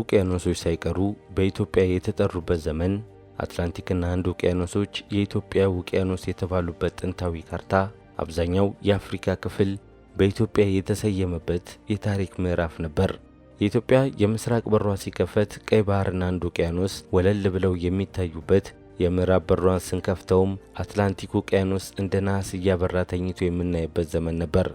ውቅያኖሶች ሳይቀሩ በኢትዮጵያ የተጠሩበት ዘመን አትላንቲክና ህንድ ውቅያኖሶች የኢትዮጵያ ውቅያኖስ የተባሉበት ጥንታዊ ካርታ አብዛኛው የአፍሪካ ክፍል በኢትዮጵያ የተሰየመበት የታሪክ ምዕራፍ ነበር። የኢትዮጵያ የምስራቅ በሯ ሲከፈት ቀይ ባህርና ህንድ ውቅያኖስ ወለል ብለው የሚታዩበት፣ የምዕራብ በሯን ስንከፍተውም አትላንቲክ ውቅያኖስ እንደ ነሐስ እያበራ ተኝቶ የምናይበት ዘመን ነበር።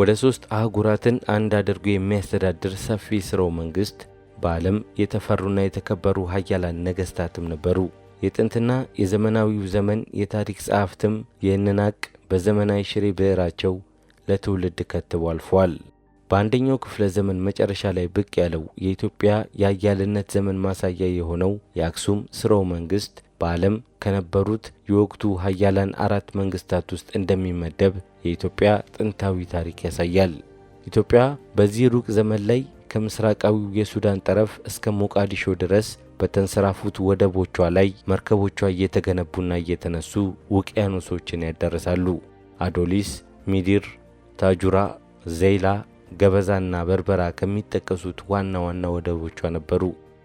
ወደ ሶስት አህጉራትን አንድ አድርጎ የሚያስተዳድር ሰፊ ስራው መንግሥት በዓለም የተፈሩና የተከበሩ ሀያላን ነገሥታትም ነበሩ። የጥንትና የዘመናዊው ዘመን የታሪክ ጸሐፍትም ይህንን አቅ በዘመናዊ ሽሬ ብዕራቸው ለትውልድ ከትቦ አልፈዋል። በአንደኛው ክፍለ ዘመን መጨረሻ ላይ ብቅ ያለው የኢትዮጵያ የአያልነት ዘመን ማሳያ የሆነው የአክሱም ስርወ መንግሥት በዓለም ከነበሩት የወቅቱ ሀያላን አራት መንግስታት ውስጥ እንደሚመደብ የኢትዮጵያ ጥንታዊ ታሪክ ያሳያል። ኢትዮጵያ በዚህ ሩቅ ዘመን ላይ ከምስራቃዊው የሱዳን ጠረፍ እስከ ሞቃዲሾ ድረስ በተንሰራፉት ወደቦቿ ላይ መርከቦቿ እየተገነቡና እየተነሱ ውቅያኖሶችን ያዳርሳሉ። አዶሊስ፣ ሚዲር፣ ታጁራ፣ ዘይላ፣ ገበዛና በርበራ ከሚጠቀሱት ዋና ዋና ወደቦቿ ነበሩ።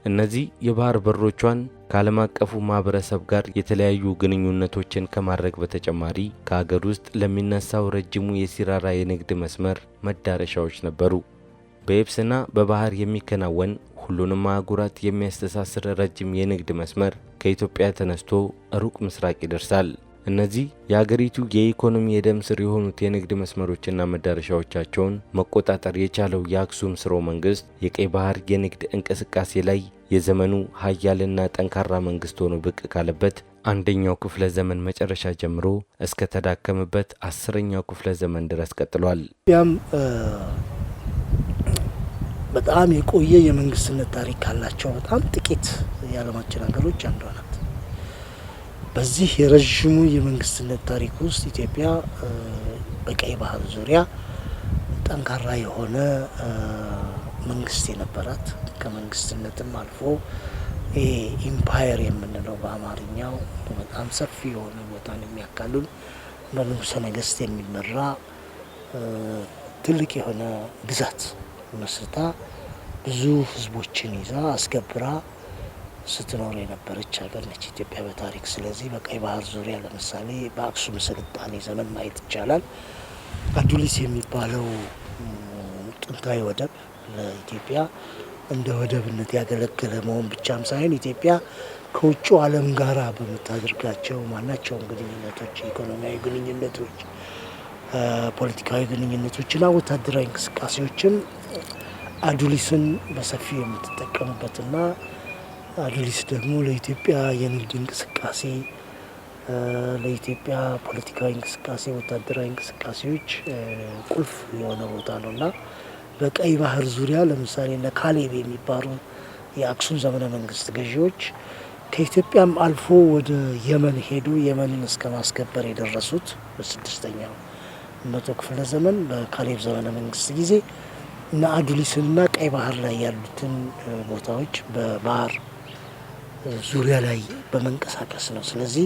እነዚህ የባህር በሮቿን ከዓለም አቀፉ ማኅበረሰብ ጋር የተለያዩ ግንኙነቶችን ከማድረግ በተጨማሪ ከአገር ውስጥ ለሚነሳው ረጅሙ የሲራራ የንግድ መስመር መዳረሻዎች ነበሩ። በየብስና በባህር የሚከናወን ሁሉንም አህጉራት የሚያስተሳስር ረጅም የንግድ መስመር ከኢትዮጵያ ተነስቶ ሩቅ ምስራቅ ይደርሳል። እነዚህ የአገሪቱ የኢኮኖሚ የደም ስር የሆኑት የንግድ መስመሮችና መዳረሻዎቻቸውን መቆጣጠር የቻለው የአክሱም ስርወ መንግስት የቀይ ባህር የንግድ እንቅስቃሴ ላይ የዘመኑ ሀያልና ጠንካራ መንግስት ሆኖ ብቅ ካለበት አንደኛው ክፍለ ዘመን መጨረሻ ጀምሮ እስከ ተዳከመበት አስረኛው ክፍለ ዘመን ድረስ ቀጥሏል። በጣም የቆየ የመንግስትነት ታሪክ ካላቸው በጣም ጥቂት የዓለማችን ሀገሮች አንዷ ናት። በዚህ የረዥሙ የመንግስትነት ታሪክ ውስጥ ኢትዮጵያ በቀይ ባህር ዙሪያ ጠንካራ የሆነ መንግስት የነበራት ከመንግስትነትም አልፎ ኢምፓየር የምንለው በአማርኛው በጣም ሰፊ የሆነ ቦታን የሚያካልል በንጉሰ ነገስት የሚመራ ትልቅ የሆነ ግዛት መስርታ ብዙ ህዝቦችን ይዛ አስገብራ ስትኖር የነበረች ሀገር ነች ኢትዮጵያ በታሪክ። ስለዚህ በቀይ ባህር ዙሪያ ለምሳሌ በአክሱም ስልጣኔ ዘመን ማየት ይቻላል። አዱሊስ የሚባለው ጥንታዊ ወደብ ለኢትዮጵያ እንደ ወደብነት ያገለገለ መሆን ብቻም ሳይሆን ኢትዮጵያ ከውጭ ዓለም ጋር በምታደርጋቸው ማናቸውም ግንኙነቶች፣ ኢኮኖሚያዊ ግንኙነቶች፣ ፖለቲካዊ ግንኙነቶችና ወታደራዊ እንቅስቃሴዎችም አዱሊስን በሰፊው የምትጠቀምበትና አዱሊስ ደግሞ ለኢትዮጵያ የንግድ እንቅስቃሴ ለኢትዮጵያ ፖለቲካዊ እንቅስቃሴ፣ ወታደራዊ እንቅስቃሴዎች ቁልፍ የሆነ ቦታ ነው እና በቀይ ባህር ዙሪያ ለምሳሌ እነ ካሌብ የሚባሉ የአክሱም ዘመነ መንግስት ገዢዎች ከኢትዮጵያም አልፎ ወደ የመን ሄዱ። የመንን እስከ ማስከበር የደረሱት በስድስተኛው መቶ ክፍለ ዘመን በካሌብ ዘመነ መንግስት ጊዜ እና ቀይ ባህር ላይ ያሉትን ቦታዎች በባህር ዙሪያ ላይ በመንቀሳቀስ ነው። ስለዚህ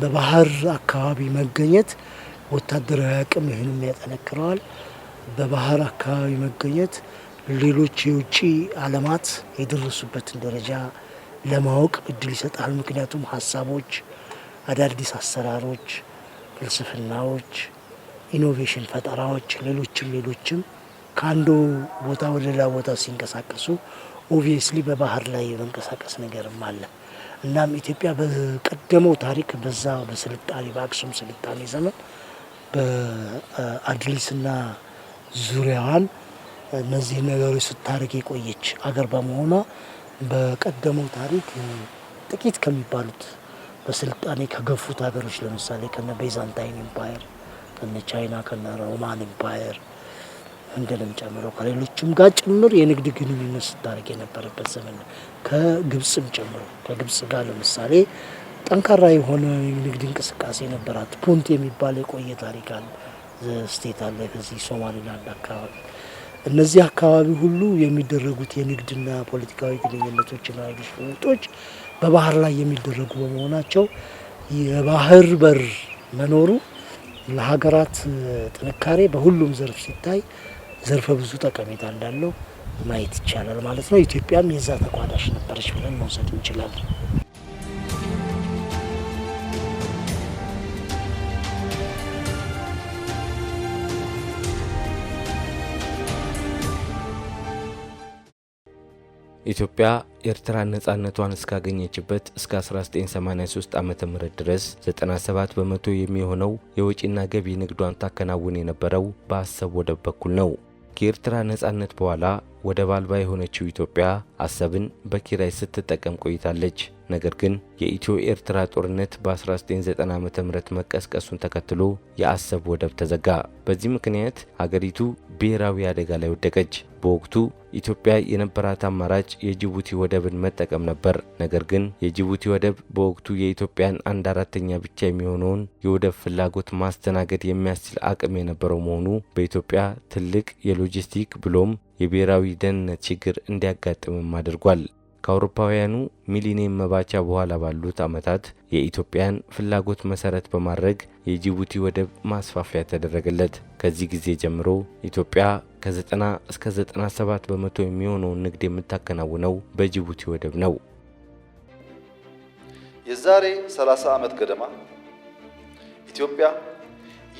በባህር አካባቢ መገኘት ወታደራዊ አቅም ይህንም ያጠነክረዋል። በባህር አካባቢ መገኘት ሌሎች የውጭ አለማት የደረሱበትን ደረጃ ለማወቅ እድል ይሰጣል። ምክንያቱም ሀሳቦች፣ አዳዲስ አሰራሮች፣ ፍልስፍናዎች፣ ኢኖቬሽን ፈጠራዎች፣ ሌሎችም ሌሎችም ከአንዱ ቦታ ወደ ሌላ ቦታ ሲንቀሳቀሱ ኦብቪየስሊ በባህር ላይ የመንቀሳቀስ ነገርም አለ። እናም ኢትዮጵያ በቀደመው ታሪክ በዛ በስልጣኔ በአክሱም ስልጣኔ ዘመን በአድሊስና ዙሪያዋን እነዚህ ነገሮች ስታደርግ የቆየች አገር በመሆኗ በቀደመው ታሪክ ጥቂት ከሚባሉት በስልጣኔ ከገፉት ሀገሮች ለምሳሌ ከነ ቤዛንታይን ኢምፓየር፣ ከነ ቻይና፣ ከነ ሮማን ኢምፓየር እንደ ጨምሮ ከሌሎችም ጋር ጭምር የንግድ ግንኙነት ስታደርግ የነበረበት ዘመን ነው። ከግብፅም ጨምሮ ከግብፅ ጋር ለምሳሌ ጠንካራ የሆነ የንግድ እንቅስቃሴ ነበራት። ፑንት የሚባል የቆየ ታሪክ አለ፣ ስቴት አለ ከዚህ ሶማሌላንድ አካባቢ። እነዚህ አካባቢ ሁሉ የሚደረጉት የንግድና ፖለቲካዊ ግንኙነቶችና ሽጦች በባህር ላይ የሚደረጉ በመሆናቸው የባህር በር መኖሩ ለሀገራት ጥንካሬ በሁሉም ዘርፍ ሲታይ ዘርፈ ብዙ ጠቀሜታ እንዳለው ማየት ይቻላል ማለት ነው። ኢትዮጵያም የዛ ተቋዳሽ ነበረች ብለን መውሰድ እንችላለን። ኢትዮጵያ ኤርትራን ነጻነቷን እስካገኘችበት እስከ 1983 ዓ ም ድረስ 97 በመቶ የሚሆነው የወጪና ገቢ ንግዷን ታከናውን የነበረው በአሰብ ወደብ በኩል ነው። ከኤርትራ ነጻነት በኋላ ወደብ አልባ የሆነችው ኢትዮጵያ አሰብን በኪራይ ስትጠቀም ቆይታለች። ነገር ግን የኢትዮ ኤርትራ ጦርነት በ1990 ዓ ም መቀስቀሱን ተከትሎ የአሰብ ወደብ ተዘጋ። በዚህ ምክንያት አገሪቱ ብሔራዊ አደጋ ላይ ወደቀች። በወቅቱ ኢትዮጵያ የነበራት አማራጭ የጅቡቲ ወደብን መጠቀም ነበር። ነገር ግን የጅቡቲ ወደብ በወቅቱ የኢትዮጵያን አንድ አራተኛ ብቻ የሚሆነውን የወደብ ፍላጎት ማስተናገድ የሚያስችል አቅም የነበረው መሆኑ በኢትዮጵያ ትልቅ የሎጂስቲክ ብሎም የብሔራዊ ደህንነት ችግር እንዲያጋጥምም አድርጓል። ከአውሮፓውያኑ ሚሊኒየም መባቻ በኋላ ባሉት ዓመታት የኢትዮጵያን ፍላጎት መሰረት በማድረግ የጅቡቲ ወደብ ማስፋፊያ ተደረገለት። ከዚህ ጊዜ ጀምሮ ኢትዮጵያ ከ90 እስከ 97 በመቶ የሚሆነውን ንግድ የምታከናውነው በጅቡቲ ወደብ ነው። የዛሬ 30 ዓመት ገደማ ኢትዮጵያ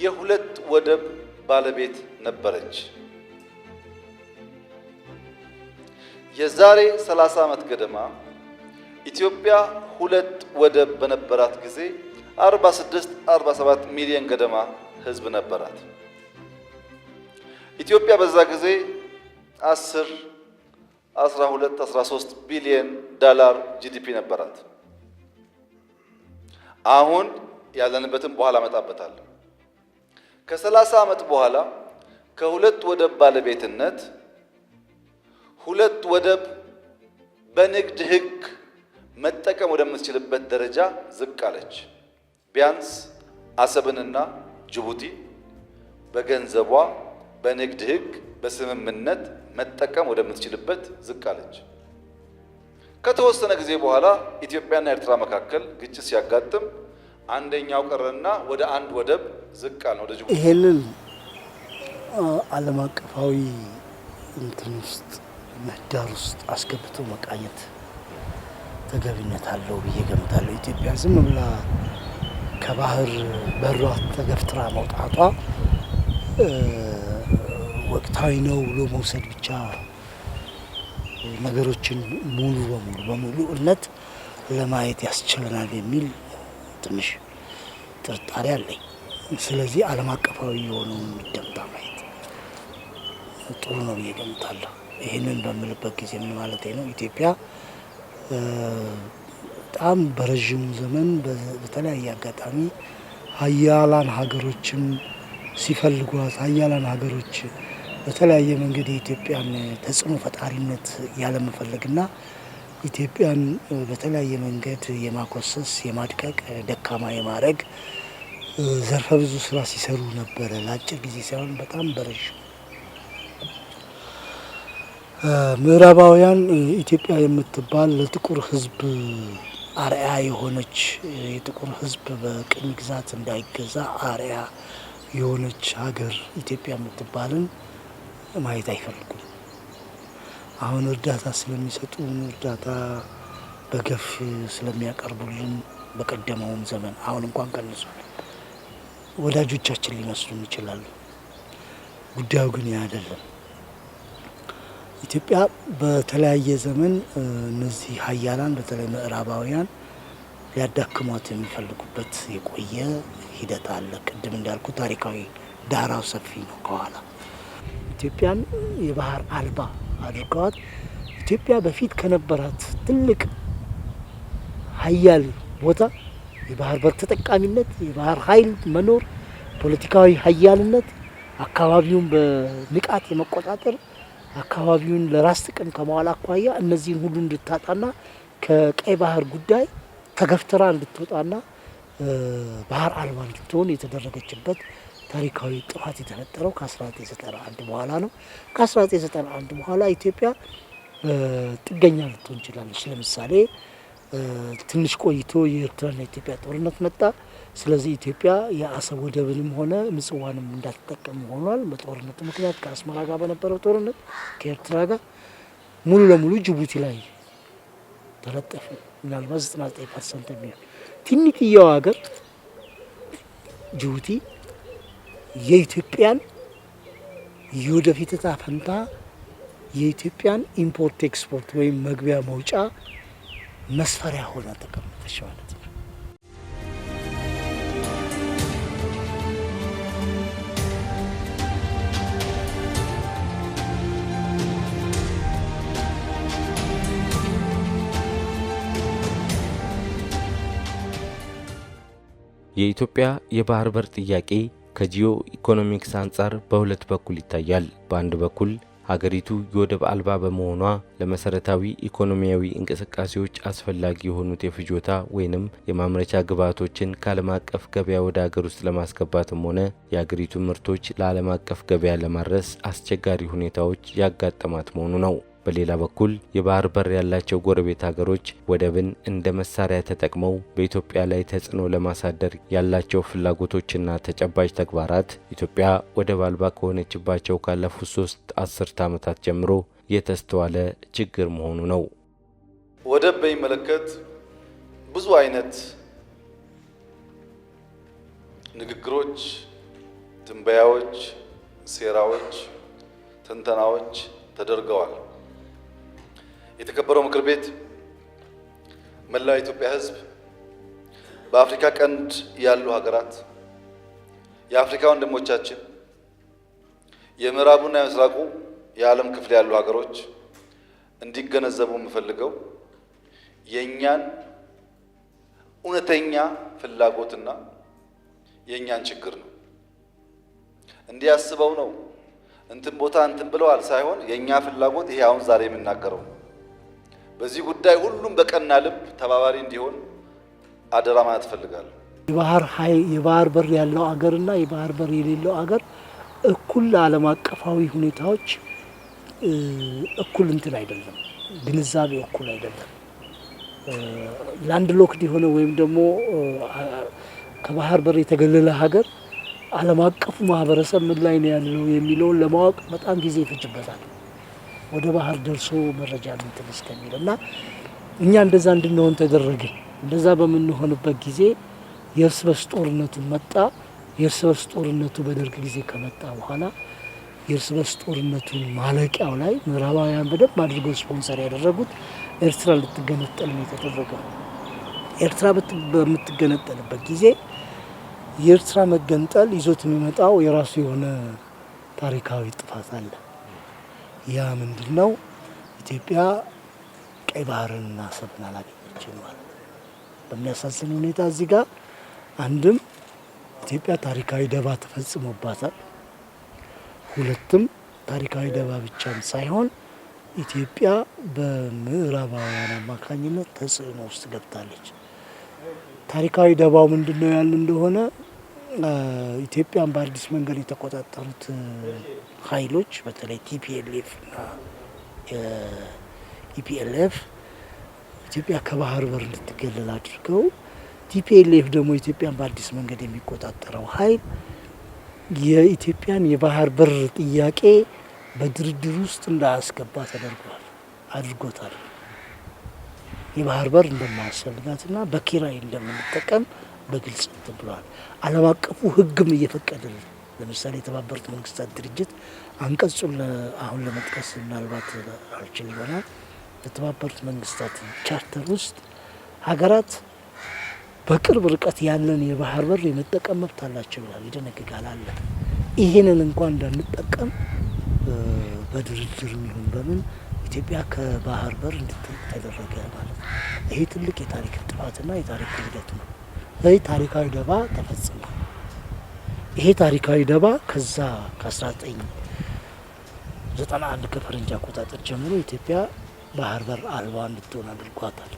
የሁለት ወደብ ባለቤት ነበረች። የዛሬ 30 ዓመት ገደማ ኢትዮጵያ ሁለት ወደብ በነበራት ጊዜ 46 47 ሚሊዮን ገደማ ህዝብ ነበራት። ኢትዮጵያ በዛ ጊዜ 10 12 13 ቢሊዮን ዳላር ጂዲፒ ነበራት። አሁን ያለንበትን በኋላ እመጣበታለሁ። ከ30 ዓመት በኋላ ከሁለት ወደብ ባለቤትነት ሁለት ወደብ በንግድ ህግ መጠቀም ወደምትችልበት ደረጃ ዝቅ አለች። ቢያንስ አሰብንና ጅቡቲ በገንዘቧ በንግድ ህግ በስምምነት መጠቀም ወደምትችልበት ዝቅ አለች። ከተወሰነ ጊዜ በኋላ ኢትዮጵያና ኤርትራ መካከል ግጭት ሲያጋጥም አንደኛው ቀረና ወደ አንድ ወደብ ዝቅ አለ፣ ወደ ጅቡቲ። ይሄንን ዓለም አቀፋዊ እንትን ውስጥ ምህዳር ውስጥ አስገብቶ መቃኘት ተገቢነት አለው ብዬ ገምታለሁ። ኢትዮጵያ ዝም ብላ ከባህር በሯ ተገፍትራ መውጣቷ ወቅታዊ ነው ብሎ መውሰድ ብቻ ነገሮችን ሙሉ በሙሉ በሙሉ እነት ለማየት ያስችለናል የሚል ትንሽ ጥርጣሬ አለኝ። ስለዚህ ዓለም አቀፋዊ የሆነውን የሚደምጣ ማየት ጥሩ ነው ብዬ ገምታለሁ። ይህንን በምልበት ጊዜ ምን ማለት ነው? ኢትዮጵያ በጣም በረዥሙ ዘመን በተለያየ አጋጣሚ ሀያላን ሀገሮችም ሲፈልጓት ሀያላን ሀገሮች በተለያየ መንገድ የኢትዮጵያን ተጽዕኖ ፈጣሪነት ያለመፈለግና ኢትዮጵያን በተለያየ መንገድ የማኮሰስ የማድቀቅ ደካማ የማድረግ ዘርፈ ብዙ ስራ ሲሰሩ ነበረ። ለአጭር ጊዜ ሳይሆን በጣም በረዥም ምዕራባውያን ኢትዮጵያ የምትባል ለጥቁር ሕዝብ አርያ የሆነች የጥቁር ህዝብ በቅኝ ግዛት እንዳይገዛ አርያ የሆነች ሀገር ኢትዮጵያ የምትባልን ማየት አይፈልጉም። አሁን እርዳታ ስለሚሰጡን እርዳታ በገፍ ስለሚያቀርቡልን በቀደመውም ዘመን አሁን እንኳን ቀንሱ ወዳጆቻችን ሊመስሉን ይችላሉ። ጉዳዩ ግን ያ አይደለም። ኢትዮጵያ በተለያየ ዘመን እነዚህ ሀያላን በተለይ ምዕራባውያን ሊያዳክሟት የሚፈልጉበት የቆየ ሂደት አለ። ቅድም እንዳልኩ ታሪካዊ ዳራው ሰፊ ነው። ከኋላ ኢትዮጵያን የባህር አልባ አድርገዋት ኢትዮጵያ በፊት ከነበራት ትልቅ ሀያል ቦታ የባህር በር ተጠቃሚነት፣ የባህር ኃይል መኖር፣ ፖለቲካዊ ሀያልነት፣ አካባቢውን በንቃት የመቆጣጠር አካባቢውን ለራስ ጥቅም ከመዋል አኳያ እነዚህን ሁሉ እንድታጣና ከቀይ ባህር ጉዳይ ተገፍትራ እንድትወጣና ባህር አልባ እንድትሆን የተደረገችበት ታሪካዊ ጥፋት የተፈጠረው ከ1991 በኋላ ነው። ከ1991 በኋላ ኢትዮጵያ ጥገኛ ልትሆን ችላለች። ለምሳሌ ትንሽ ቆይቶ የኤርትራና ኢትዮጵያ ጦርነት መጣ። ስለዚህ ኢትዮጵያ የአሰብ ወደብንም ሆነ ምጽዋንም እንዳትጠቀም ሆኗል። በጦርነት ምክንያት ከአስመራ ጋር በነበረው ጦርነት ከኤርትራ ጋር ሙሉ ለሙሉ ጅቡቲ ላይ ተለጠፈ። ምናልባት 99 ፐርሰንት የሚሆን ትንሽየው ሀገር ጅቡቲ የኢትዮጵያን የወደፊት እጣ ፈንታ የኢትዮጵያን ኢምፖርት ኤክስፖርት ወይም መግቢያ መውጫ መስፈሪያ ሆና ተቀምጠችዋል። የኢትዮጵያ የባህር በር ጥያቄ ከጂኦ ኢኮኖሚክስ አንጻር በሁለት በኩል ይታያል። በአንድ በኩል ሀገሪቱ የወደብ አልባ በመሆኗ ለመሰረታዊ ኢኮኖሚያዊ እንቅስቃሴዎች አስፈላጊ የሆኑት የፍጆታ ወይንም የማምረቻ ግብዓቶችን ከዓለም አቀፍ ገበያ ወደ ሀገር ውስጥ ለማስገባትም ሆነ የሀገሪቱ ምርቶች ለዓለም አቀፍ ገበያ ለማድረስ አስቸጋሪ ሁኔታዎች ያጋጠማት መሆኑ ነው። በሌላ በኩል የባህር በር ያላቸው ጎረቤት ሀገሮች ወደብን እንደ መሳሪያ ተጠቅመው በኢትዮጵያ ላይ ተጽዕኖ ለማሳደር ያላቸው ፍላጎቶችና ተጨባጭ ተግባራት ኢትዮጵያ ወደብ አልባ ከሆነችባቸው ካለፉት ሶስት አስርት ዓመታት ጀምሮ የተስተዋለ ችግር መሆኑ ነው። ወደብ በሚመለከት ብዙ አይነት ንግግሮች፣ ትንበያዎች፣ ሴራዎች፣ ትንተናዎች ተደርገዋል። የተከበረው ምክር ቤት፣ መላው የኢትዮጵያ ሕዝብ፣ በአፍሪካ ቀንድ ያሉ ሀገራት፣ የአፍሪካ ወንድሞቻችን፣ የምዕራቡና የምስራቁ የዓለም ክፍል ያሉ ሀገሮች እንዲገነዘቡ የምፈልገው የእኛን እውነተኛ ፍላጎትና የእኛን ችግር ነው። እንዲያስበው ነው እንትን ቦታ እንትን ብለዋል ሳይሆን የእኛ ፍላጎት ይሄ አሁን ዛሬ የምናገረው በዚህ ጉዳይ ሁሉም በቀና ልብ ተባባሪ እንዲሆን አደራ ማለት እፈልጋለሁ። የባህር የባህር በር ያለው አገርና የባህር በር የሌለው አገር እኩል ዓለም አቀፋዊ ሁኔታዎች እኩል እንትን አይደለም፣ ግንዛቤ እኩል አይደለም። ላንድ ሎክድ የሆነ ወይም ደግሞ ከባህር በር የተገለለ ሀገር ዓለም አቀፉ ማህበረሰብ ምን ላይ ነው ያለው የሚለውን ለማወቅ በጣም ጊዜ ይፈጅበታል። ወደ ባህር ደርሶ መረጃ እንትን እስከሚል እና እኛ እንደዛ እንድንሆን ተደረገ። እንደዛ በምንሆንበት ጊዜ የእርስ በርስ ጦርነቱ መጣ። የእርስ በርስ ጦርነቱ በደርግ ጊዜ ከመጣ በኋላ የእርስ በርስ ጦርነቱን ማለቂያው ላይ ምዕራባውያን በደንብ አድርገው ስፖንሰር ያደረጉት ኤርትራ ልትገነጠል ነው የተደረገው። ኤርትራ በምትገነጠልበት ጊዜ የኤርትራ መገንጠል ይዞት የሚመጣው የራሱ የሆነ ታሪካዊ ጥፋት አለ። ያ ምንድን ነው? ኢትዮጵያ ቀይ ባህርንና አሰብን አላገኘችም ማለት በሚያሳዝን ሁኔታ እዚህ ጋር አንድም ኢትዮጵያ ታሪካዊ ደባ ተፈጽሞባታል። ሁለትም ታሪካዊ ደባ ብቻም ሳይሆን ኢትዮጵያ በምዕራባውያን አማካኝነት ተጽዕኖ ውስጥ ገብታለች። ታሪካዊ ደባው ምንድን ነው ያል እንደሆነ ኢትዮጵያን በአዲስ መንገድ የተቆጣጠሩት ኃይሎች በተለይ ቲፒኤልኤፍ እና ኢፒኤልኤፍ ኢትዮጵያ ከባህር በር እንድትገለል አድርገው፣ ቲፒኤልኤፍ ደግሞ ኢትዮጵያን በአዲስ መንገድ የሚቆጣጠረው ኃይል የኢትዮጵያን የባህር በር ጥያቄ በድርድር ውስጥ እንዳያስገባ ተደርጓል አድርጎታል። የባህር በር እንደማያስፈልጋትና በኪራይ እንደምንጠቀም በግልጽ እንትን ብለዋል። ዓለም አቀፉ ህግም እየፈቀደ ነው። ለምሳሌ የተባበሩት መንግስታት ድርጅት አንቀጹን አሁን ለመጥቀስ ምናልባት አልችል ይሆናል። የተባበሩት መንግስታት ቻርተር ውስጥ ሀገራት በቅርብ ርቀት ያለን የባህር በር የመጠቀም መብት አላቸው ይላል፣ ይደነግጋል አለ። ይህንን እንኳን እንዳንጠቀም በድርድር ይሁን በምን ኢትዮጵያ ከባህር በር እንድትል ተደረገ ማለት ነው። ይሄ ትልቅ የታሪክ ጥፋትና የታሪክ ክህደት ነው። ይህ ታሪካዊ ደባ ተፈጸመ። ይሄ ታሪካዊ ደባ ከዛ ከ1991 ከፈረንጅ አቆጣጠር ጀምሮ ኢትዮጵያ ባህር በር አልባ እንድትሆን አድርጓታል።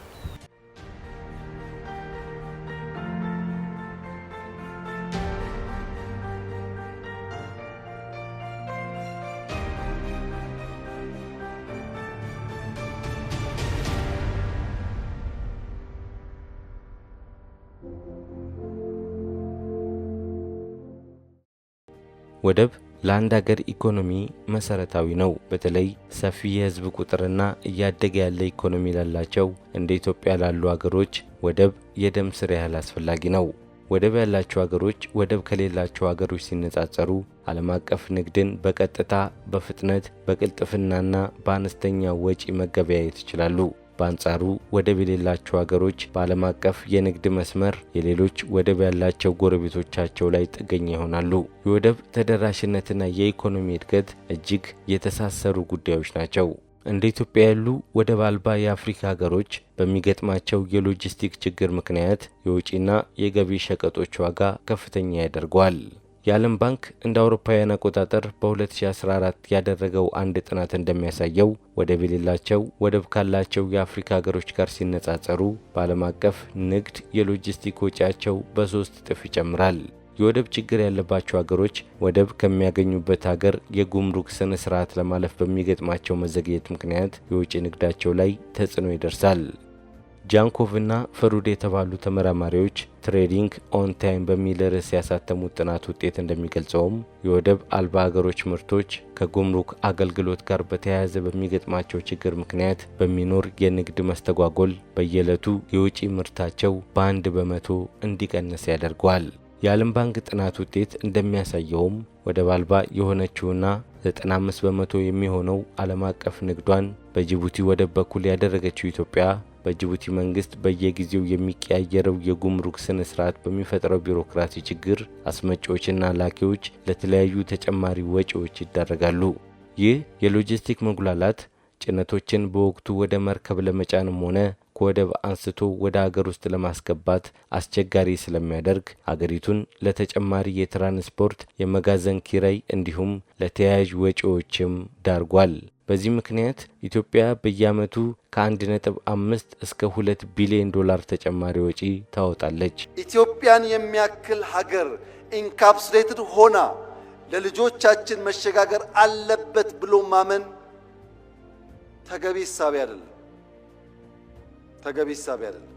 ወደብ ለአንድ ሀገር ኢኮኖሚ መሰረታዊ ነው። በተለይ ሰፊ የህዝብ ቁጥርና እያደገ ያለ ኢኮኖሚ ላላቸው እንደ ኢትዮጵያ ላሉ ሀገሮች ወደብ የደም ስር ያህል አስፈላጊ ነው። ወደብ ያላቸው ሀገሮች ወደብ ከሌላቸው ሀገሮች ሲነጻጸሩ ዓለም አቀፍ ንግድን በቀጥታ በፍጥነት በቅልጥፍናና በአነስተኛ ወጪ መገበያየት ይችላሉ። በአንጻሩ ወደብ የሌላቸው ሀገሮች በዓለም አቀፍ የንግድ መስመር የሌሎች ወደብ ያላቸው ጎረቤቶቻቸው ላይ ጥገኛ ይሆናሉ። የወደብ ተደራሽነትና የኢኮኖሚ እድገት እጅግ የተሳሰሩ ጉዳዮች ናቸው። እንደ ኢትዮጵያ ያሉ ወደብ አልባ የአፍሪካ ሀገሮች በሚገጥማቸው የሎጂስቲክ ችግር ምክንያት የውጪና የገቢ ሸቀጦች ዋጋ ከፍተኛ ያደርገዋል። የዓለም ባንክ እንደ አውሮፓውያን አቆጣጠር በ2014 ያደረገው አንድ ጥናት እንደሚያሳየው ወደብ የሌላቸው ወደብ ካላቸው የአፍሪካ ሀገሮች ጋር ሲነጻጸሩ በዓለም አቀፍ ንግድ የሎጂስቲክ ወጪያቸው በሶስት እጥፍ ይጨምራል። የወደብ ችግር ያለባቸው ሀገሮች ወደብ ከሚያገኙበት ሀገር የጉምሩክ ስነ ስርዓት ለማለፍ በሚገጥማቸው መዘግየት ምክንያት የውጭ ንግዳቸው ላይ ተጽዕኖ ይደርሳል። ጃንኮቭና ፈሩድ የተባሉ ተመራማሪዎች ትሬዲንግ ኦን ታይም በሚል ርዕስ ያሳተሙት ጥናት ውጤት እንደሚገልጸውም የወደብ አልባ ሀገሮች ምርቶች ከጉምሩክ አገልግሎት ጋር በተያያዘ በሚገጥማቸው ችግር ምክንያት በሚኖር የንግድ መስተጓጎል በየዕለቱ የውጪ ምርታቸው በአንድ በመቶ እንዲቀንስ ያደርገዋል። የዓለም ባንክ ጥናት ውጤት እንደሚያሳየውም ወደብ አልባ የሆነችውና 95 በመቶ የሚሆነው ዓለም አቀፍ ንግዷን በጅቡቲ ወደብ በኩል ያደረገችው ኢትዮጵያ በጅቡቲ መንግስት በየጊዜው የሚቀያየረው የጉምሩክ ስነ ስርዓት በሚፈጥረው ቢሮክራሲ ችግር አስመጪዎችና ላኪዎች ለተለያዩ ተጨማሪ ወጪዎች ይዳረጋሉ። ይህ የሎጂስቲክ መጉላላት ጭነቶችን በወቅቱ ወደ መርከብ ለመጫንም ሆነ ከወደብ አንስቶ ወደ አገር ውስጥ ለማስገባት አስቸጋሪ ስለሚያደርግ አገሪቱን ለተጨማሪ የትራንስፖርት፣ የመጋዘን ኪራይ እንዲሁም ለተያያዥ ወጪዎችም ዳርጓል። በዚህ ምክንያት ኢትዮጵያ በየዓመቱ ከአንድ ነጥብ አምስት እስከ ሁለት ቢሊዮን ዶላር ተጨማሪ ወጪ ታወጣለች። ኢትዮጵያን የሚያክል ሀገር ኢንካፕስሌትድ ሆና ለልጆቻችን መሸጋገር አለበት ብሎ ማመን ተገቢ ሳቢ አይደለም። ተገቢ ሳቢ አይደለም።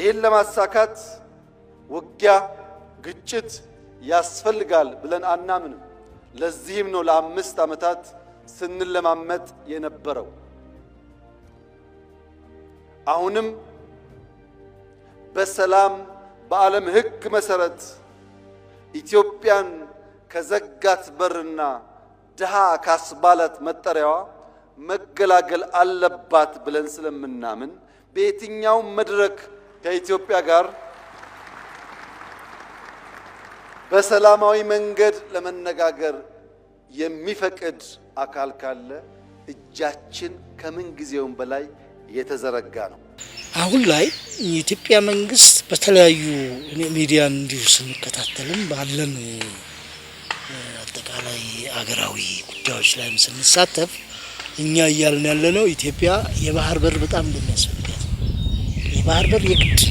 ይህን ለማሳካት ውጊያ፣ ግጭት ያስፈልጋል ብለን አናምንም። ለዚህም ነው ለአምስት ዓመታት ስንለማመጥ የነበረው አሁንም በሰላም በዓለም ሕግ መሰረት ኢትዮጵያን ከዘጋት በርና ድሃ ካስባላት መጠሪያዋ መገላገል አለባት ብለን ስለምናምን በየትኛውም መድረክ ከኢትዮጵያ ጋር በሰላማዊ መንገድ ለመነጋገር የሚፈቅድ አካል ካለ እጃችን ከምን ጊዜውም በላይ የተዘረጋ ነው። አሁን ላይ የኢትዮጵያ መንግስት በተለያዩ ሚዲያ እንዲሁ ስንከታተልም ባለን አጠቃላይ አገራዊ ጉዳዮች ላይም ስንሳተፍ እኛ እያልን ያለ ነው ኢትዮጵያ የባህር በር በጣም እንደሚያስፈልጋት የባህር በር የግድ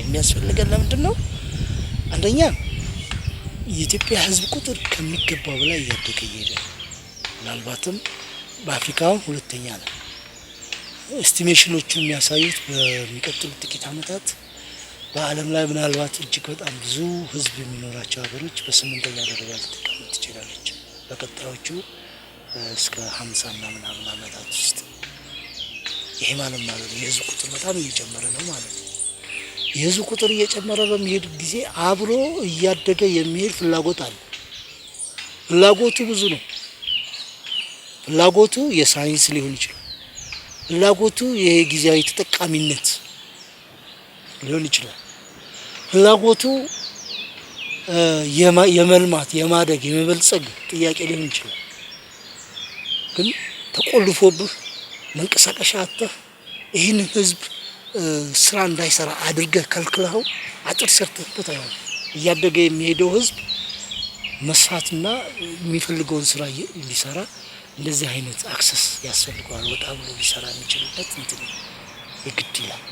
የሚያስፈልገን ለምንድን ነው? አንደኛ የኢትዮጵያ ህዝብ ቁጥር ከሚገባው በላይ እያደገ እየሄደ ምናልባትም በአፍሪካ ሁለተኛ ነው። ኤስቲሜሽኖቹ የሚያሳዩት በሚቀጥሉት ጥቂት ዓመታት በዓለም ላይ ምናልባት እጅግ በጣም ብዙ ህዝብ የሚኖራቸው ሀገሮች በስምንተኛ ደረጃ ልትቀመጥ ትችላለች በቀጣዮቹ እስከ ሀምሳ እና ምናምን ዓመታት ውስጥ። ይሄ ማለት ማለት የህዝብ ቁጥር በጣም እየጨመረ ነው ማለት ነው። የህዝብ ቁጥር እየጨመረ በሚሄድ ጊዜ አብሮ እያደገ የሚሄድ ፍላጎት አለ። ፍላጎቱ ብዙ ነው። ፍላጎቱ የሳይንስ ሊሆን ይችላል። ፍላጎቱ የጊዜያዊ ተጠቃሚነት ሊሆን ይችላል። ፍላጎቱ የመልማት የማደግ የመበልጸግ ጥያቄ ሊሆን ይችላል። ግን ተቆልፎብህ መንቀሳቀሻ አተህ ይህንን ህዝብ ስራ እንዳይሰራ አድርገህ ከልክለኸው አጥር ሰርተህበት አይሆን። እያደገ የሚሄደው ህዝብ መስፋትና የሚፈልገውን ስራ እንዲሰራ እንደዚህ አይነት አክሰስ ያስፈልገዋል። ወጣ ብሎ ሊሰራ የሚችልበት እንትን የግድ ይላል።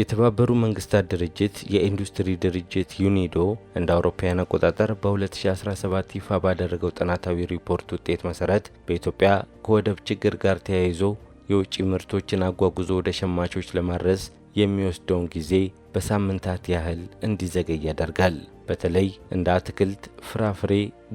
የተባበሩ መንግስታት ድርጅት የኢንዱስትሪ ድርጅት ዩኒዶ እንደ አውሮፓውያን አቆጣጠር በ2017 ይፋ ባደረገው ጥናታዊ ሪፖርት ውጤት መሰረት በኢትዮጵያ ከወደብ ችግር ጋር ተያይዞ የውጭ ምርቶችን አጓጉዞ ወደ ሸማቾች ለማድረስ የሚወስደውን ጊዜ በሳምንታት ያህል እንዲዘገይ ያደርጋል። በተለይ እንደ አትክልት፣ ፍራፍሬ፣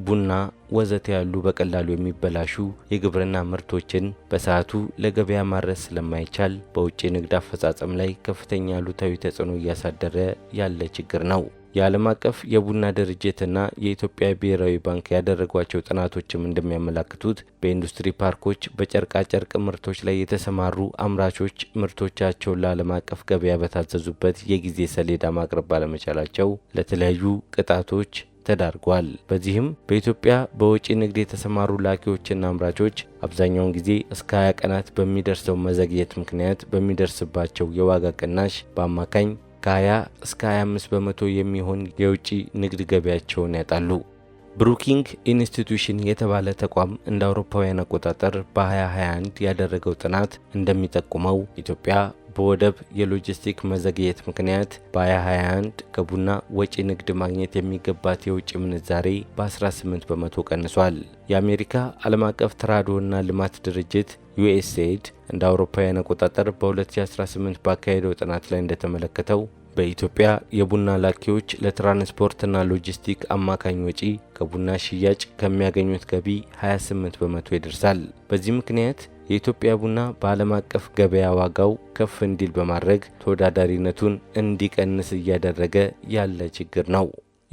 ቡና ወዘተ ያሉ በቀላሉ የሚበላሹ የግብርና ምርቶችን በሰዓቱ ለገበያ ማድረስ ስለማይቻል በውጭ ንግድ አፈጻጸም ላይ ከፍተኛ አሉታዊ ተጽዕኖ እያሳደረ ያለ ችግር ነው። የዓለም አቀፍ የቡና ድርጅትና የኢትዮጵያ ብሔራዊ ባንክ ያደረጓቸው ጥናቶችም እንደሚያመላክቱት በኢንዱስትሪ ፓርኮች በጨርቃጨርቅ ምርቶች ላይ የተሰማሩ አምራቾች ምርቶቻቸውን ለዓለም አቀፍ ገበያ በታዘዙበት የጊዜ ሰሌዳ ማቅረብ ባለመቻላቸው ለተለያዩ ቅጣቶች ተዳርጓል። በዚህም በኢትዮጵያ በውጪ ንግድ የተሰማሩ ላኪዎችና አምራቾች አብዛኛውን ጊዜ እስከ 20 ቀናት በሚደርሰው መዘግየት ምክንያት በሚደርስባቸው የዋጋ ቅናሽ በአማካኝ ከ20 እስከ 25 በመቶ የሚሆን የውጭ ንግድ ገቢያቸውን ያጣሉ። ብሩኪንግ ኢንስቲትዩሽን የተባለ ተቋም እንደ አውሮፓውያን አቆጣጠር በ2021 ያደረገው ጥናት እንደሚጠቁመው ኢትዮጵያ በወደብ የሎጂስቲክ መዘግየት ምክንያት በ2021 ከቡና ወጪ ንግድ ማግኘት የሚገባት የውጭ ምንዛሬ በ18 በመቶ ቀንሷል። የአሜሪካ ዓለም አቀፍ ተራድኦና ልማት ድርጅት ዩኤስኤድ እንደ አውሮፓውያን አቆጣጠር በ2018 ባካሄደው ጥናት ላይ እንደተመለከተው በኢትዮጵያ የቡና ላኪዎች ለትራንስፖርትና ሎጂስቲክ አማካኝ ወጪ ከቡና ሽያጭ ከሚያገኙት ገቢ 28 በመቶ ይደርሳል። በዚህ ምክንያት የኢትዮጵያ ቡና በዓለም አቀፍ ገበያ ዋጋው ከፍ እንዲል በማድረግ ተወዳዳሪነቱን እንዲቀንስ እያደረገ ያለ ችግር ነው።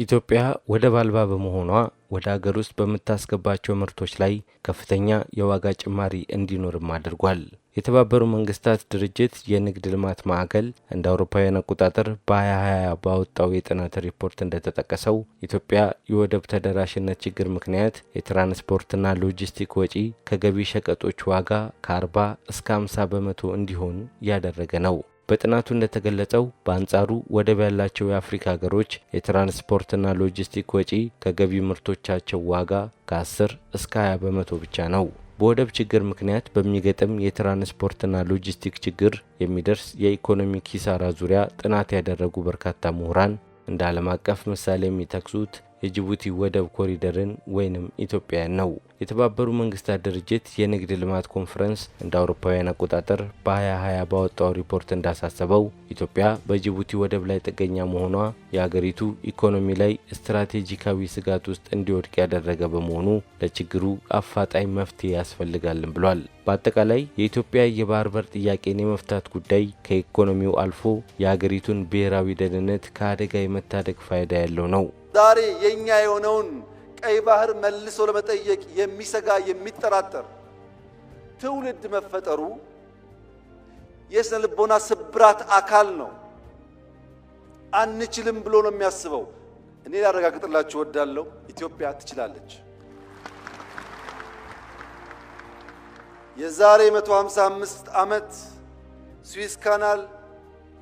ኢትዮጵያ ወደብ አልባ በመሆኗ ወደ አገር ውስጥ በምታስገባቸው ምርቶች ላይ ከፍተኛ የዋጋ ጭማሪ እንዲኖርም አድርጓል። የተባበሩ መንግስታት ድርጅት የንግድ ልማት ማዕከል እንደ አውሮፓውያን አቆጣጠር በ2020 ባወጣው የጥናት ሪፖርት እንደተጠቀሰው ኢትዮጵያ የወደብ ተደራሽነት ችግር ምክንያት የትራንስፖርትና ሎጂስቲክ ወጪ ከገቢ ሸቀጦች ዋጋ ከ40 እስከ 50 በመቶ እንዲሆን ያደረገ ነው። በጥናቱ እንደተገለጸው በአንጻሩ ወደብ ያላቸው የአፍሪካ ሀገሮች የትራንስፖርትና ሎጂስቲክ ወጪ ከገቢ ምርቶቻቸው ዋጋ ከ10 እስከ 20 በመቶ ብቻ ነው። በወደብ ችግር ምክንያት በሚገጥም የትራንስፖርትና ሎጂስቲክ ችግር የሚደርስ የኢኮኖሚ ኪሳራ ዙሪያ ጥናት ያደረጉ በርካታ ምሁራን እንደ ዓለም አቀፍ ምሳሌ የሚጠቅሱት የጅቡቲ ወደብ ኮሪደርን ወይንም ኢትዮጵያን ነው። የተባበሩ መንግስታት ድርጅት የንግድ ልማት ኮንፈረንስ እንደ አውሮፓውያን አቆጣጠር በ2020 ባወጣው ሪፖርት እንዳሳሰበው ኢትዮጵያ በጅቡቲ ወደብ ላይ ጥገኛ መሆኗ የአገሪቱ ኢኮኖሚ ላይ ስትራቴጂካዊ ስጋት ውስጥ እንዲወድቅ ያደረገ በመሆኑ ለችግሩ አፋጣኝ መፍትሄ ያስፈልጋልን ብሏል። በአጠቃላይ የኢትዮጵያ የባህር በር ጥያቄን የመፍታት ጉዳይ ከኢኮኖሚው አልፎ የአገሪቱን ብሔራዊ ደህንነት ከአደጋ የመታደግ ፋይዳ ያለው ነው። ዛሬ የእኛ የሆነውን ቀይ ባህር መልሶ ለመጠየቅ የሚሰጋ የሚጠራጠር ትውልድ መፈጠሩ የስነ ልቦና ስብራት አካል ነው። አንችልም ብሎ ነው የሚያስበው። እኔ ላረጋግጥላችሁ እወዳለሁ፣ ኢትዮጵያ ትችላለች። የዛሬ 155 ዓመት ስዊስ ካናል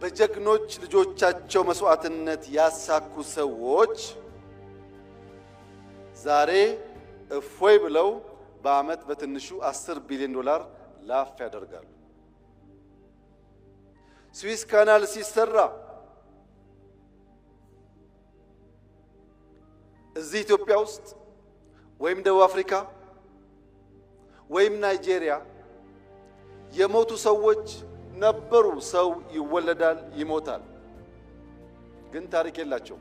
በጀግኖች ልጆቻቸው መስዋዕትነት ያሳኩ ሰዎች ዛሬ እፎይ ብለው በዓመት በትንሹ 10 ቢሊዮን ዶላር ላፍ ያደርጋሉ። ስዊስ ካናል ሲሰራ እዚህ ኢትዮጵያ ውስጥ ወይም ደቡብ አፍሪካ ወይም ናይጄሪያ የሞቱ ሰዎች ነበሩ። ሰው ይወለዳል፣ ይሞታል፣ ግን ታሪክ የላቸው።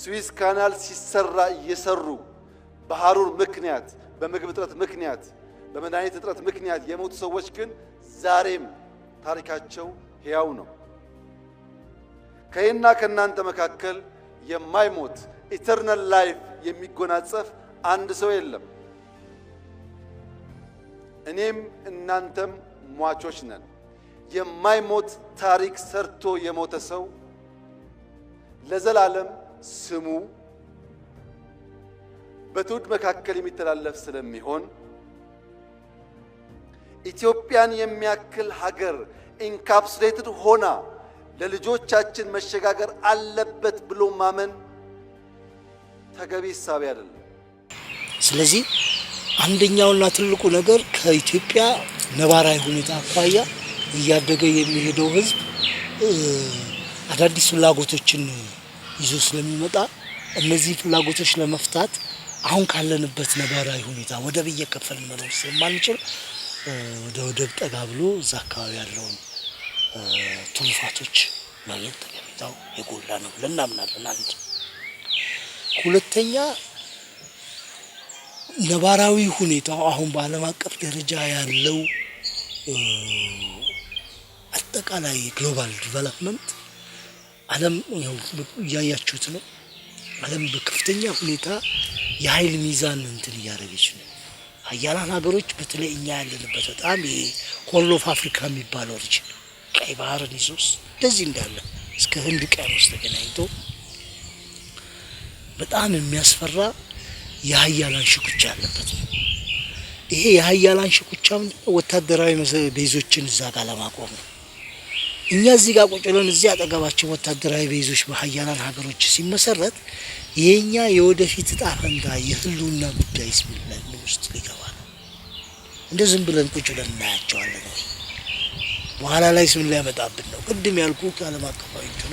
ስዊስ ካናል ሲሰራ እየሰሩ በሐሩር ምክንያት፣ በምግብ እጥረት ምክንያት፣ በመድኃኒት እጥረት ምክንያት የሞቱ ሰዎች ግን ዛሬም ታሪካቸው ሕያው ነው። ከይና ከእናንተ መካከል የማይሞት ኢተርናል ላይፍ የሚጎናጸፍ አንድ ሰው የለም። እኔም እናንተም ሟቾች ነን። የማይሞት ታሪክ ሰርቶ የሞተ ሰው ለዘላለም ስሙ በትውልድ መካከል የሚተላለፍ ስለሚሆን ኢትዮጵያን የሚያክል ሀገር ኢንካፕሱሌትድ ሆና ለልጆቻችን መሸጋገር አለበት ብሎ ማመን ተገቢ ሳቢ አይደለም። ስለዚህ አንደኛውና ትልቁ ነገር ከኢትዮጵያ ነባራዊ ሁኔታ አኳያ እያደገ የሚሄደው ህዝብ አዳዲስ ፍላጎቶችን ይዞ ስለሚመጣ እነዚህ ፍላጎቶች ለመፍታት አሁን ካለንበት ነባራዊ ሁኔታ ወደብ እየከፈልን መኖር ስለማንችል ወደ ወደብ ጠጋ ብሎ እዛ አካባቢ ያለውን ትሩፋቶች ማግኘት ጠቀሜታው የጎላ ነው ብለን እናምናለን። አንድ ሁለተኛ ነባራዊ ሁኔታው አሁን በዓለም አቀፍ ደረጃ ያለው አጠቃላይ ግሎባል ዲቨሎፕመንት ዓለም እያያችሁት ነው። ዓለም በከፍተኛ ሁኔታ የኃይል ሚዛን እንትን እያደረገች ነው። አያላን ሀገሮች በተለይ እኛ ያለንበት በጣም ይሄ ሆርን ኦፍ አፍሪካ የሚባለው ልጅ ቀይ ባህርን ይዞስ እንደዚህ እንዳለ እስከ ህንድ ቀይ ውስጥ ተገናኝቶ በጣም የሚያስፈራ የሀያላን ሽኩቻ ያለበት ይሄ የሀያላን ሽኩቻ ምንድነው? ወታደራዊ ቤዞችን እዛ ጋር ለማቆም ነው። እኛ እዚህ ጋር ቁጭ ብለን እዚህ አጠገባችን ወታደራዊ ቤዞች በሀያላን ሀገሮች ሲመሰረት የኛ የወደፊት እጣ ፈንታ የህልውና ጉዳይ ምን ውስጥ ሊገባ ነው? እንደ ዝም ብለን ቁጭ ብለን እናያቸዋለን ወይ? በኋላ ላይ ስም ሊያመጣብን ነው። ቅድም ያልኩ ከዓለም አቀፋዊ እንትኑ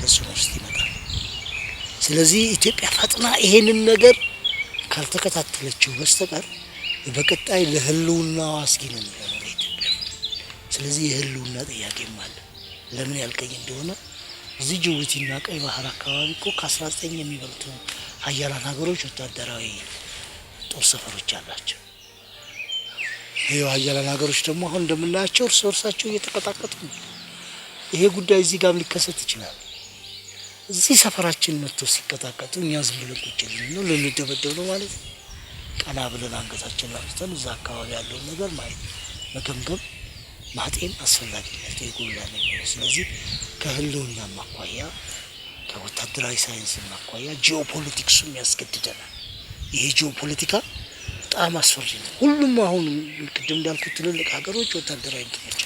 ከሱ ውስጥ ይመጣል። ስለዚህ ኢትዮጵያ ፈጥና ይሄንን ነገር ካልተከታተለችው በስተቀር በቀጣይ ለህልውና አስጊ ነው የሚሆነው ለኢትዮጵያ። ስለዚህ የህልውና ጥያቄም አለ። ለምን ያልቀኝ እንደሆነ እዚህ ጅቡቲና ቀይ ባህር አካባቢ እኮ ከ19 የሚበልጡ ሀያላን ሀገሮች ወታደራዊ ጦር ሰፈሮች አላቸው። ይህ ሀያላን ሀገሮች ደግሞ አሁን እንደምናያቸው እርስ በርሳቸው እየተቀጣቀጡ ነው። ይሄ ጉዳይ እዚህ ጋርም ሊከሰት ይችላል። እዚህ ሰፈራችን መጥቶ ሲቀጣቀጡ እኛ ዝም ብለን ቁጭ ነው ልንደበደብ ነው ማለት ነው። ቀና ብለን አንገታችን ላፍተን እዛ አካባቢ ያለውን ነገር ማየት፣ መገምገም፣ ማጤን አስፈላጊነቱ የጎላ ነው። ስለዚህ ከህልውና ማኳያ ከወታደራዊ ሳይንስ ማኳያ ጂኦፖለቲክሱም ያስገድደናል። ይሄ ጂኦፖለቲካ በጣም አስፈሪ ነው። ሁሉም አሁን ቅድም እንዳልኩት ትልልቅ ሀገሮች ወታደራዊ ትኖች